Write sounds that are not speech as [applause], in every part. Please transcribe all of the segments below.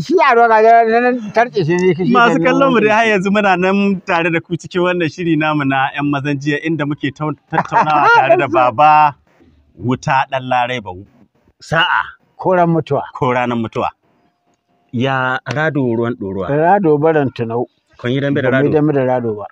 shi yaro ga nan tarce shi ne kishi masu kallon mu dai har yanzu muna nan tare da ku cikin wannan shiri namu na yan mazan jiya inda muke tattaunawa [laughs] tare da baba wuta dan larai ba sa'a koran mutuwa ko mutuwa ya rado ruwan doruwa rado baran tunau kun yi dambe da rado kun yi dambe da rado ba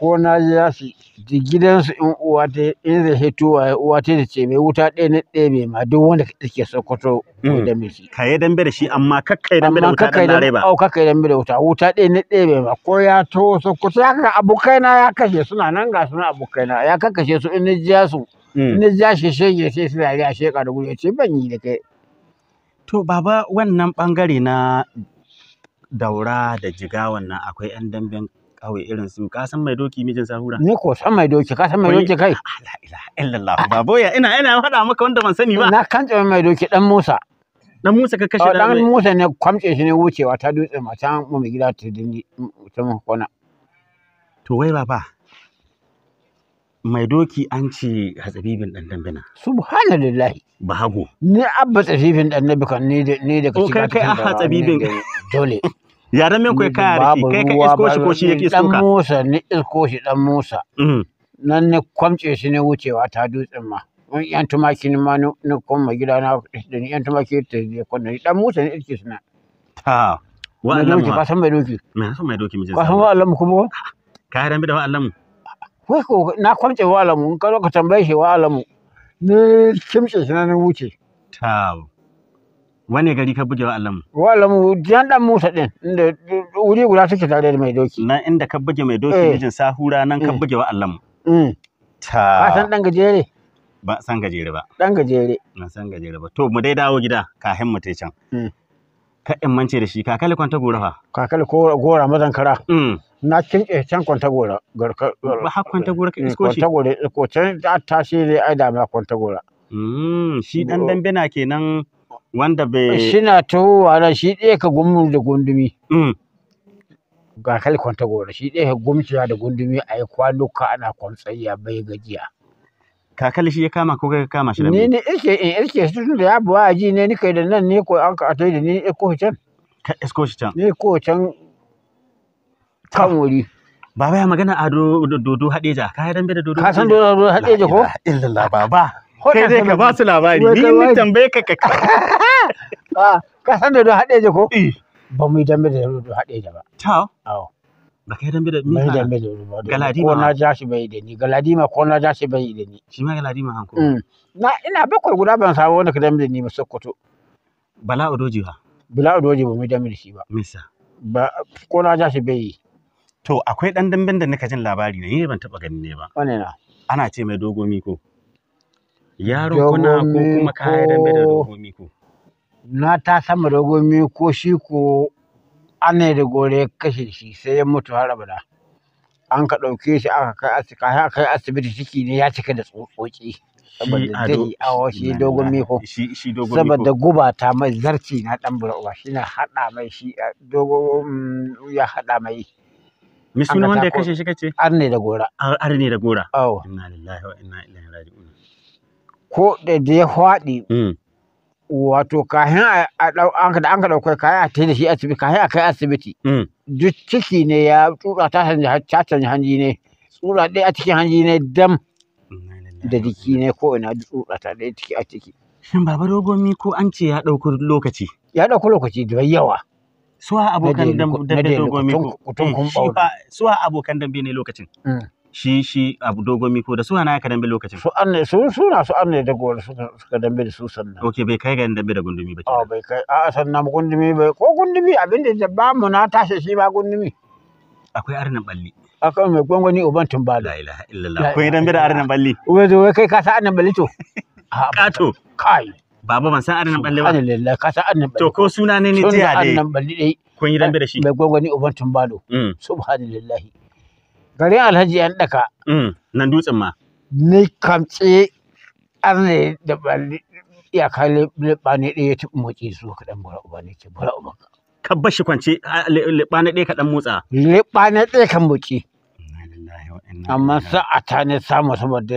ko na je za su duk gidansu in uwa ta in zai hito ya uwa ta da ce mai wuta ɗaya na ɗaya ma duk wanda ke sokoto hmm. da mai shi kaye dambe da shi amma kakkai dambe da wuta dan lare ba amma kakkai dambe da wuta wuta ɗaya na ɗaya ma ko ya to sokoto ya kaka abokai na ya kashe suna nan ga suna abokai na ya kakkashe su in jiya su hmm. in ni ja shi shege sai su lare a sheka da gudu ce ban yi da kai to baba wannan bangare na daura da jiga wannan akwai 'yan damben kawai irin su ka san mai doki mijin sahura ni ko san mai doki ka san mai doki kai la ilaha illallah baboya ina ina faɗa maka wanda ban sani ba na kance mai doki dan Musa dan Musa ka kashe dan Musa ne kwamce shi ne wucewa ta dutse mata mu mai gida ta dingi ta mu kona to wai baba mai doki an ce hatsabibin dan dambina. Subhanallahi. Bahago. Ni abba tsabibin dan nabi kan ni da kashi ka kai a hatsabibin. Dole. yaran min kai kaya da kai ka isko shi ko shi yake isko ka dan Musa ni isko shi dan Musa mm-hmm. nan ne kwamce shi ne wucewa ta dutsen ma mun yan tumaki ni ma ni ma gida na da ni yan tumaki ta je kunna dan Musa ne iske suna ta wa'annan doki ba san mai doki me san mai doki mijin ba san mu kuma ran harambe da wa'annan wai ko na kwamce Allah mu zo ka tambaye shi wa mu ne kimce shi na wuce ta Wane gari ka buge wa Allamu? Wa Allamu jan dan Musa din inda wuri guda suke tare da mai doki. Nan inda ka buge mai doki eh. mijin sahura nan ka eh. buge wa Allamu. Mm. Ta. Ba san dan gajere. Ba san gajere ba. Dan gajere. Na san gajere ba. To mu dai dawo gida kahin mu tai can. Mm. Ka in mance da shi kakali kwanta gora fa. Kakali gora mazan kara. Mm. Na cin kinke can kwanta gora. Ba har kwanta gora ka eh, isko shi. Kwanta gora ko can ta tashi dai ai da ma kwanta gora. shi dan dambe na kenan wanda bai shina tahowa na shi ɗaya ka gumu da gundumi mm. ga kalkon ta gora shi ɗaya ka gumciya da gundumi a yi kwanuka ana kwantsayya bai gajiya kakali shi ya kama ko kai kama shi ne ne yake in yake shi tun da ya buwa ji ne ni kai da nan ne ko an ka atai da ni ko can ka esko shi can ni ko can kan wuri baba ya magana a dodo hadeja ka yi dambe da dodo ka san dodo hadeja ko illallah baba kai zai ka ba su labari ni mun tambaye ka ka ka [laughs] ah, san da don haɗeja ko eh. ba mu yi dambe da don haɗeja ba ta ba kai dambe da mi dambe da galadima ko na ja shi bai da ni galadima ko na ja shi bai da ni shi ma galadima hanko mm. na ina bakwai guda ban samu wanda ka dambe da ni ba sokoto bala odoji ba bala odoji ba mu yi dambe da shi ba misa ba ko na ja shi bai to akwai dan damben da nika jin labari ne ni ban taba ganin ne ba wane na ana ce mai dogo miko yarunkuna ko kuma kayan dambe da rogomi ko na ta sama rogomi ko shi ko ana da gore kashe shi sai ya mutu har abada an ka ɗauke shi aka kai asibiti aka kai asibiti ciki ne ya cika da tsotsoki saboda dai awo shi dogon miko saboda guba ta mai zarci na dan burauwa shi na haɗa mai shi dogon um, ya haɗa mai Me suna wanda ya kashe shi kace? Arne da gora. Arne da gora. Oh. Inna lillahi wa inna ilaihi raji'un. ko da ya faɗi mm. wato kahin an ka ɗaukai kayan a ta da shi asibiti kahin a kai asibiti mm. duk ciki ne ya tsura ta canza hanji ne tsura ɗaya a cikin hanji ne dam da jiki ne ko ina tsura ta ɗaya ciki a ciki. Shin Baba Dogomi ko an ce ya ɗauki lokaci? Ya ɗauki lokaci da yawa. Suwa abokan dambe Dogomi ko? Eh, Suwa abokan dambe ne lokacin? Mm. shi shi abu dogon miko da su hana ka dambe lokacin su anne su suna su an ne da gowar suka dambe da su sannan okay bai kai ga dambe da gundumi ba ah, kenan bai kai a sannan gundumi bai ko gundumi abin da ba mu na tashi shi ba gundumi akwai arnan balli akan mai gwangwani uban tumbala la ilaha illallah akwai dambe da arnan balli uwe zo kai ka sa arnan balli to [laughs] kato kai baba ban san arnan balli ba alhamdulillah ka san arnan balli to ko suna ne ne jiya dai arnan balli dai kun yi dambe da shi mai gwangwani uban tumbalo mm. subhanallahi garin alhaji yan daka mm, nan dutsen ma ni kamce arne da balli iyaka libani da ya taɓa motsi zuwa kaɗan bara uba ne ke bura uba ka bar shi kwance libani ɗaya kaɗan motsa libani ɗaya kan motsi amma sa'a ta ne samu saboda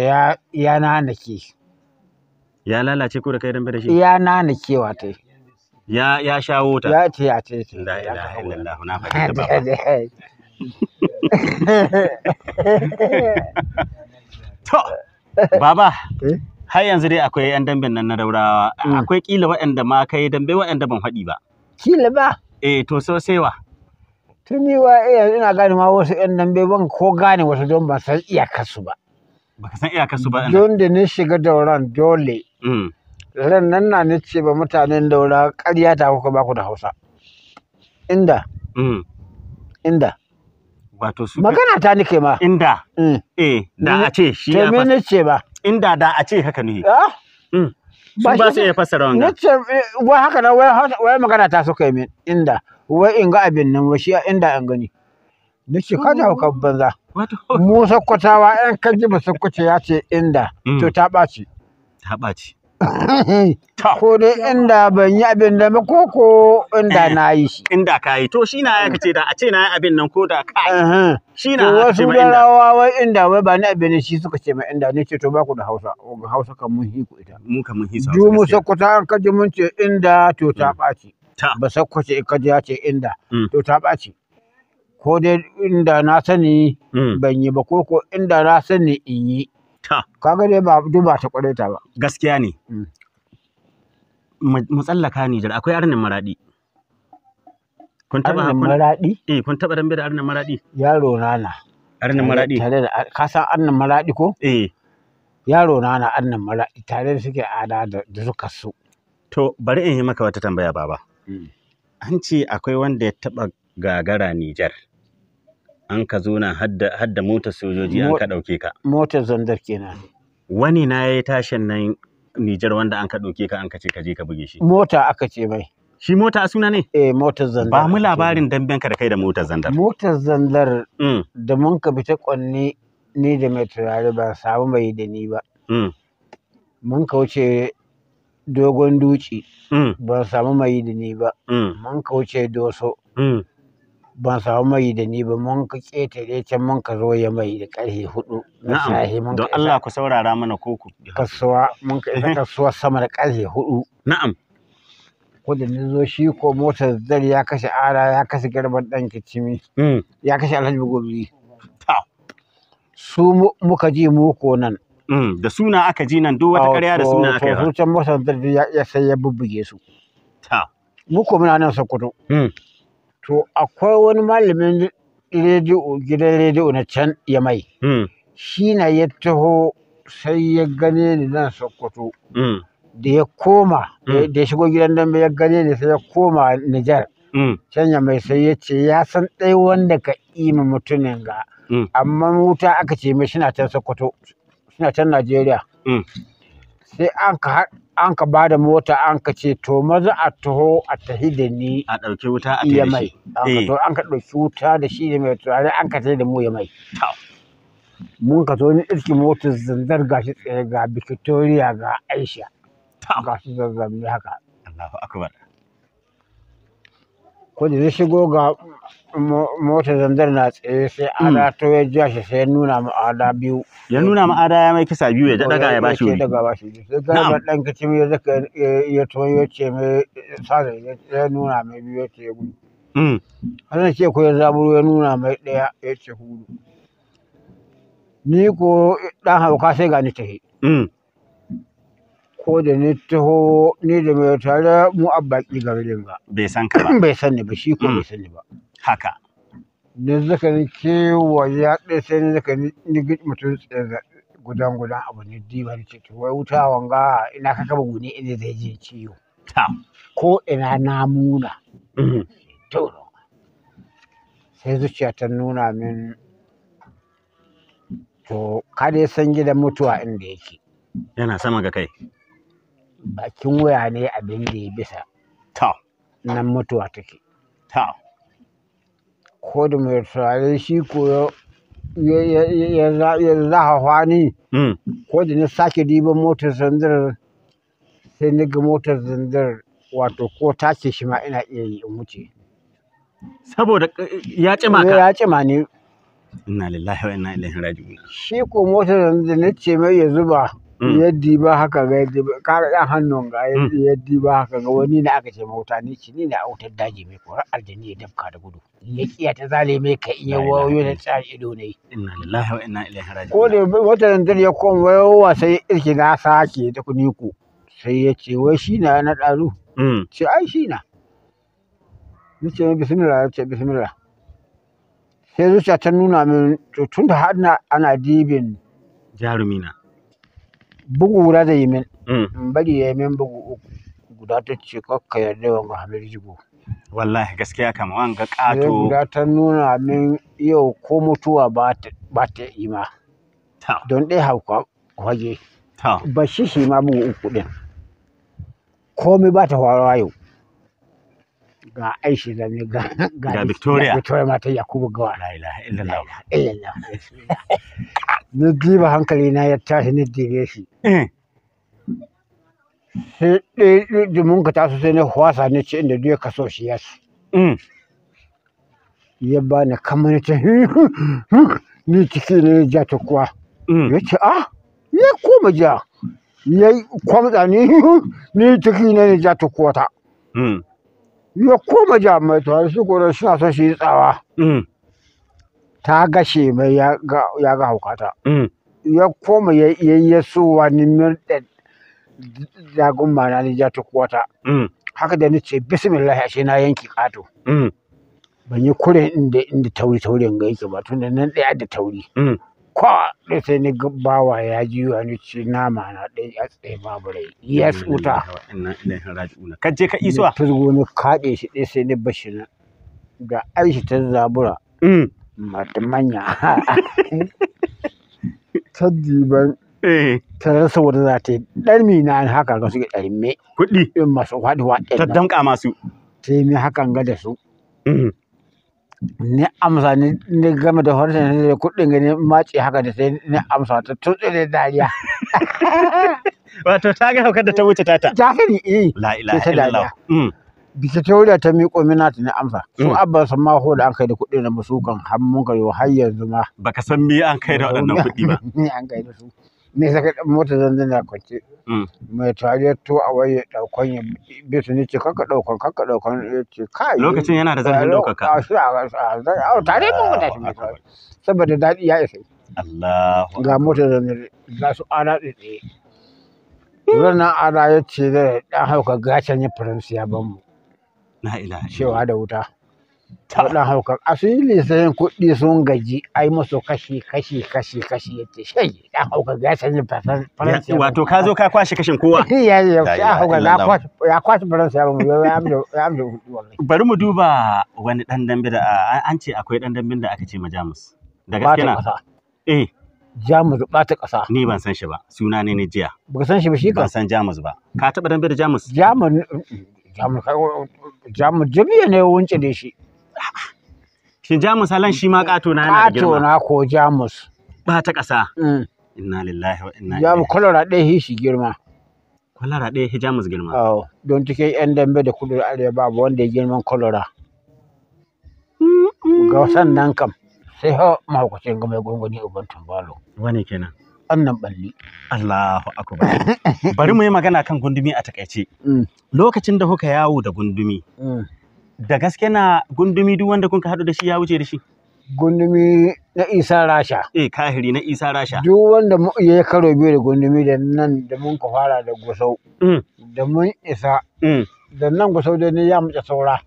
ya nanake ya lalace ko da kai dambe da shi ya nanakewa ta ya ya shawo ta ya ya ce [laughs] [laughs] to baba eh? har yanzu dai akwai yan damben nan na daurawa mm. akwai kila waɗanda ma kai dambe waɗanda ban faɗi ba kila ba eh to so sai wa tuni wa eh ina gane ma wasu yan dambe ban ko gane wasu don ba san iyakarsu ba baka san iyakarsu ba don da ni shiga dauran dole mm. ran nan na ni ce ba mutanen daura ƙarya ta kuka ba ku da Hausa inda mm. inda wato su magana ta nike ma inda eh, eh da a ce shi ya fasa ce ba inda da a ce haka ne ah? hmm. su ba su iya fassara wannan nace eh, wai haka na wai magana ta suka yi min inda wai in ga abin nan wai shi inda an gani nace ka da hauka banza mu sokotawa ɗan kaji ji ba sakkwace ya ce inda hmm. to ta ɓaci ta ɓaci [laughs] ko dai inda ban yi abin da ko ko inda eh. na yi shi inda ka yi to shi na ya kace da a ce na yi abin nan ko da ka shi na ya kace ma inda wasu wai inda wai ba ni abin da shi suka ce ma inda ne ce to ba ku da Hausa Ga Hausa kan mun hiku ita mu kan mun hisa du Jumu sakkwata an kaji mun ce inda to ta mm. ɓaci ba sakkwace kaji ya ce inda mm. to ta ɓaci ko dai inda na sani mm. ban yi ba ko ko inda na sani in yi kaga dai ba duk ba ta kware ta ba gaskiya ne mm. Mutsallaka tsallaka ne jar akwai arnin maradi kun taba arnin maradi eh kun taba dambe da arnin maradi yaro rana arnin maradi tare da ka san arnin maradi ko eh yaro rana arnin maradi tare da suke ada da suka so. to bari in yi maka wata tambaya baba mm. an ce akwai wanda ya taba gagara Nijar. an ka zo na hadda motar sojoji an ka ɗauke ka motar zandar kenan wani na ya yi tashin nan Nijar wanda an ka ɗauke ka an ka ce ka je ka buge shi mota aka ce mai shi mota a suna ne eh motar zandar ba mu labarin damben ka da kai da motar zandar motar zandar mm. da mun ka fita kwanne ni da mai turare ba samu mai da ni ba mm. mun ka wuce dogon duci mm. ba samu mai da ni ba mun ka wuce doso ban samu mai da ni ba mun ka ƙetare can mun ka zo ya mai da ƙarfe hudu na sahi mun don Allah ku saurara mana koko kasuwa mun ka isa kasuwa sama da ƙarfe hudu na'am ko da zo shi ko motar zari ya kashe ara ya kashe garban dan kicimi hmm. ya kashe alhaji gobi su muka ji mu ko nan hmm. da suna aka ji nan duk wata ƙarya da suna aka yi ba to can motar zari ya sai ya bubbuge su ta mu ko muna nan sokoto hmm. To akwai wani malamin rediyo gidan rediyo na can ya mai hmm. Shi na ya taho sai ya gane ni nan Sokoto. Hmm. Da ya koma hmm. da ya shigo gidan dambe ya gane ni sai ya koma Nijar. Can mai sai ya ce ya san dai wanda ka ima mutumin ga. Amma wuta aka ce mai shi na can Sokoto. Shi na can Najeriya. sai an ka ba da mota an ka ce to maza a taho a tahi da ni a ɗauki wuta a tahi da shi eh. an ka ɗauki wuta da shi da mai turare an ka tahi da mu ya mai mun ka zo ni iski motar zandar gashi tsaye ga victoria ga aisha ga su zazzabni haka Allahu kudu zai shigo ga motar zandar na tsaye sai hmm. ada ta ya ja shi sai ya nuna mu ada biyu ya nuna mu ada ya mai kisa biyu ya daga ya bashi wuri daga bashi sai ga dan ya zaka ya to ya ce mai sai ya nuna mai biyu ya ce gudu mm Allah ce ko ya zaburo ya nuna mai daya ya ce hudu ni ko dan hauka sai ga ni tahi mm ko da ni taho ni da mai tare mu abbaki garin ga bai san ka ba [clears throat] bai san ni ba shi ko mm. bai san ni ba haka ne zaka ni ke ya ɗaya sai ni zaka ni mutum tsaye gudan gudan abu ne diba ni ce to wai wuta wanga ina ka kaba gune ina zai je ciwo ta ko ina namuna mm. to sai zuciya ta nuna min to kada ya san gidan mutuwa inda yake yana sama ga kai bakin waya ne abin da ya bisa ta nan mutuwa take ta ko da mai turare shi ko ya zaha hwani. Hmm. ko da na sake diban motar zandar sai na ga motar zandar wato ko tace shi ma ina iya yi in wuce saboda eh, ya cima ka ya cima ne inna lillahi wa inna ilaihi raji'un shi ko motar zandar na ce mai ya zuba Mm. yaddi ba haka ga yaddi ba ga dan hannun ga mm. yaddi ba haka ga wani na aka ce mauta ni ci ni na autar daji mai korar aljani ya dafka da gudu ya mm. kiya ta mai ka iya wayo na tsari ido ne inna lillahi wa inna ilaihi raji'un ko da wata zantar ya koma wayo wasa ya irki na sake ta kuni ku sai ya ce wai shi na na daru ce ai shi na ce bismillah ce bismillah sai zuciya ta nuna min tun da har ana dibin jarumina bugu wura da yi min mm. in bari ya yi min bugu uku guda ta ce kakka yarda wa Muhammad jigo wallahi gaskiya kama wanga kato guda ta nuna min yau ko mutuwa ba ta yi ma don ɗaya hauka waje ba shi shi ma bugu uku ɗin komai ba ta faruwa yau ga aishi da ne ga ga victoria victoria ma ta yakubu ga la ilaha illallah illallah ni hankali na ya tashi ni dire shi sai da mun ka taso sai na hwasa ni ce inda duk kaso shi yas mm. ya ba ni kamar ta ni ciki ne ja ta kuwa mm. ya ce ah ya koma ja ya kwamza ni ni ciki ne ja ta kuwa ta mm. ya koma ja mai tawar shi gora shi na son shi tsawa ta gashe mai ya ga haukata mm. ya koma ya yi ya so wani min dagun na nija ja kuwata. Mm. haka da ce bismillah ashe na yanki kato mm. ban yi kure inda inda tauri tauri ga yake ba tun da nan ɗaya da tauri kwa da sai ni bawa ya ji wa ni ci nama na ɗaya, a tsaye babu rai ya tsuta ka je ka isuwa fizgo ni kaɗe shi ɗaya sai ni bashi na da aishi ta zabura manya [laughs] ta diban eh. ta rasa wadda za ta yi ɗarmi na haka ga suke ɗarme kuɗi in masu faɗuwa ɗin ta damƙa masu ta yi hakan ga da su mm-hmm. ni amsa ne game da harshen ne da kuɗin gani mace haka da sai ne amsa ta tutsi da dariya [laughs] wato ta ga haukar da ta wuce ta ta sani eh la ilaha illallah bisa tauriya ta miƙo mina ta ne amsa su mm. abba san ma da an kai da kuɗi na musu kan har mun kai har yanzu ma baka san me an kai da waɗannan kuɗi ba ni [laughs] an kai da su ne saka mota zanzan da kwance mm. mai tare to a waye daukan ya bisu ne ce kanka daukan kanka daukan ya ce kai lokacin yana da zarfin daukaka a shi a tare mun wata shi saboda daɗi ya isa Allahu ga mota zanzan za su ana ne. Ranar ana ya ce da ɗan hauka gashin ya faransiya ban mu. cewa da wuta wadan haukan asili sayan kuɗi sun gaji a yi musu kashi kashi kashi kashi yace shai dan haukan ya sanya faransa wato ka zo ka kwashe kashin kowa [laughs] ya ya haukan ya kwashe ya kwashe faransa ya mu ya amdo ya amdo bari mu duba wani ɗan dambe da an ce akwai ɗan dambe da aka ce ma Jamus da gaske na eh Jamus ɓata ƙasa. Ni ban san shi ba, suna ne ni jiya. Ba san shi ba shi ka? Ban san Jamus ba. Ka taɓa dambe da Jamus? Jamus jamus jabiya ne wunce da shi shin jamus halan shi ma kato na yana girma kato na ko jamus ba ta ƙasa mm. inna lillahi wa inna ilaihi jamus ɗaya shi girma ɗaya shi jamus girma don cikin yan dambe da kudu arewa babu wanda ya girman kwalara ga sannan kam sai hau mahaukacin ga mai gungoni uban wani kenan annan balli Allahu akbar bari mu yi magana kan gundumi a takaice mm. lokacin da kuka yawo da gundumi mm. da gaske na gundumi duk wanda kuka haɗu da shi ya wuce da shi gundumi na isa rasha eh kahiri na isa rasha duk wanda ya karo biyu da gundumi da nan da mun ka fara da gusau mm. da mun isa da nan gusau da ne ya mace saura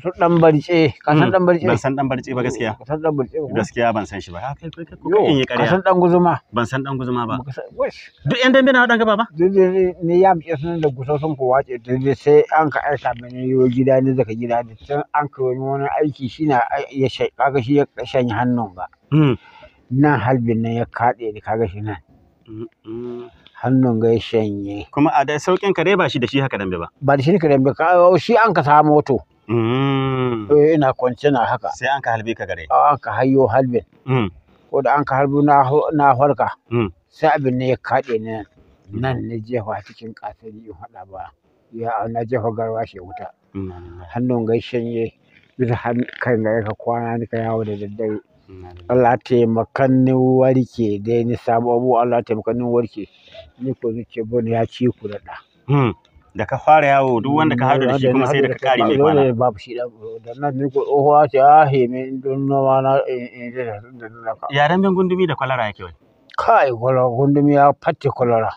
su dan barce mm. ka san dan barce ban san dan barce ba gaskiya san dan barce ba gaskiya ban san shi ba kai kai in yi ka san dan guzuma ban san dan guzuma ba duk yan dambe na wadan gaba ba ne ya mu san da gusa sun ko wace dai sai an ka aika mini yo gida ne zaka gida da tun an ka wani aiki shi na ya shai kaga shi ya shanye hannun ba mm. nan halbin nan ya kaɗe ni kaga shi nan mm, hannun ga ya shanye kuma a da saukin kare ba shi da shi haka dambe ba ba da shi ne kare ba shi an ka samu moto Mm. eh ina kwance na haka sai an ka halbe ka gare an ka hayo halbin mm. ko da an ka harbi na farka mm. sai abin ne ya kade ne nan ne jefa cikin kasari in haɗa ba ya na jefa garwa shi wuta hannun gaishen ya bisa kan gare ka kwana ni ka yawo da daddare Allah taimakan ni warke dai ni sabo abu Allah taimakan ni warke ni ko zuke bon ya ci ku da da da ka fara yawo duk wanda ka haɗu da shi kuma sai da ka kare mai kwana. Babu shi da nan ne ko tsohuwa ce a ah, heme don noma na eh, eh, Yaren bin gundumi da kwalara yake wani. Kai kwalara gundumi ya fatte kwalara.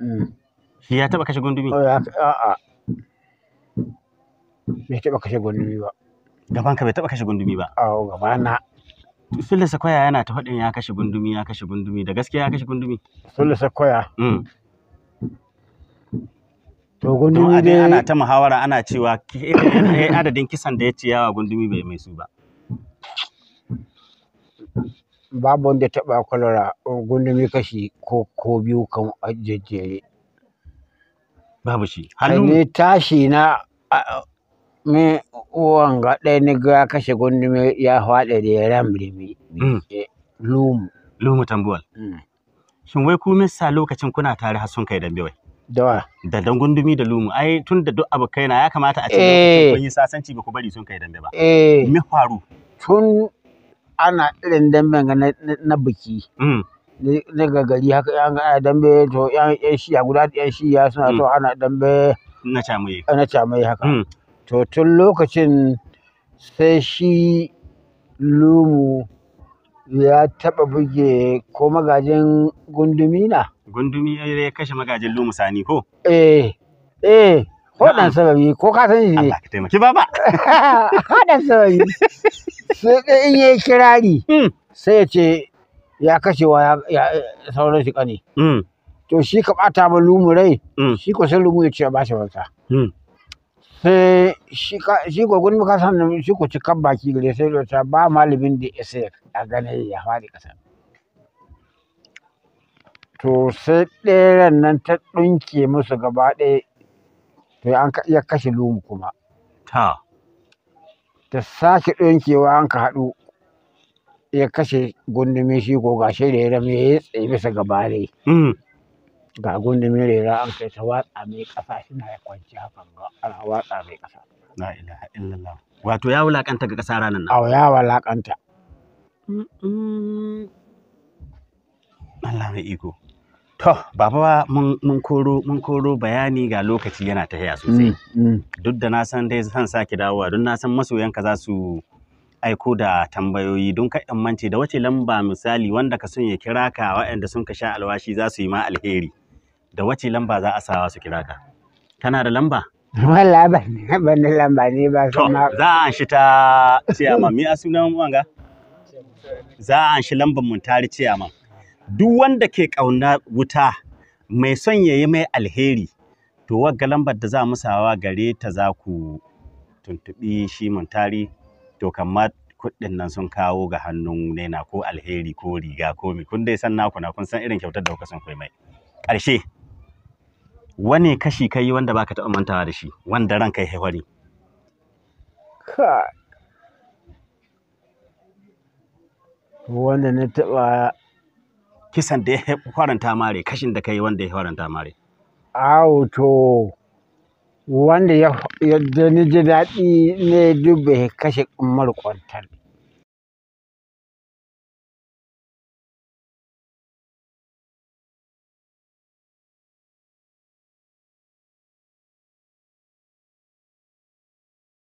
Mm. Shi ya taɓa kashe gundumi? Oh, a'a. Bai taɓa kashe gundumi ba. Gaban ka bai taɓa kashe gundumi ba? A'a gabana. Sulle Sakwaya yana ta faɗin ya kashe gundumi ya kashe gundumi da gaskiya ya kashe gundumi. Sulle Sakwaya. to gundumi dai ana ta muhawara ana cewa eh, eh, eh, adadin kisan da ya ci yawa gundumi bai mai su ba babu wanda taɓa kwalara gundumi kashi ko ko biyu kan jejjere babu shi hannu tashi na me uwan ga ɗaya ni ga kashe gundumi ya faɗa da ya ramrimi mm. lumu lumu tambuwal mm. shin wai ku mista lokacin kuna tare har sun kai dambe wai dawa da dangundumi da lumu ai tun da duk abu kaina ya kamata a ce eh. kun yi sasanci ba ku bari sun kai dambe ba eh. me faru tun ana irin damben na biki mm. ga gari haka yan dambe to yan ya guda yan shi ya suna mm. to ana dambe na camaye na camaye haka mm. to tun lokacin sai shi lumu ya taɓa buge ko magajin gundumi na. Gundumi ya kashe magajin Lumu Sani ko? Eh, eh, dan sababi ko ka san shi. Allah ka taimaki baba. Waɗan [laughs] sababi. Sai in yi kirari. Hmm. Sai ya ce ya kashewa ya sauran shi ƙani. Hmm. To shi ka ɓata ma Lumu rai. Hmm. Shi ko sai Lumu ya ce ba shi wata. sai eh, shi gwagwun muka sannan shi ku cikan baki gare sai lota ba malamin da isa a gane ya faɗi ƙasa to sai ɗeren nan ta ɗunke musu gaba ɗaya to an iya kashe lumu kuma ta ta sake ɗunkewa an ka haɗu ya kashe gundumin shi ko gashe da ya rame ya tsaye bisa gaba ɗaya mm. ga gundumin rera an kai ta watsa mai ƙasa suna ya kwanci hakan ga ana watsa mai ƙasa. La ilaha illallah. Wato ya wulaƙanta ga ƙasa ranar nan. Aw ya wulaƙanta. Allah mai iko. To, baba mun koro mun koro bayani ga lokaci yana ta haya sosai. Mm, mm. Duk da na san dai zan saki dawowa don na san masoyanka za su aiko da tambayoyi don ka mance da wace lamba misali wanda ka son ya kira ka waɗanda sun ka sha alwashi za su yi ma alheri. da wace lamba za a sawa su kira ka kana da lamba [laughs] Wala ba ban lamba ne ba to za a shi ta ciyama mi a sunan wanga za a shi lambar mun tari ma. duk wanda ke kauna wuta mai son yayi mai alheri to wagga lambar da za mu sawa gare ta za ku tuntubi shi mun tari to kamar kuɗin nan sun kawo ga hannun nena ko alheri ko riga ko mi kun dai san naku na kun san irin kyautar da kuka son kai mai ƙarshe wane kashi ka yi wanda baka taɓa mantawa da shi wanda ranka ya haihuwa wanda na taɓa kisan da ya faranta mare kashin da ka yi wanda ya faranta mare auto wanda ya ji daɗi ne dubbe kashe umar kwantar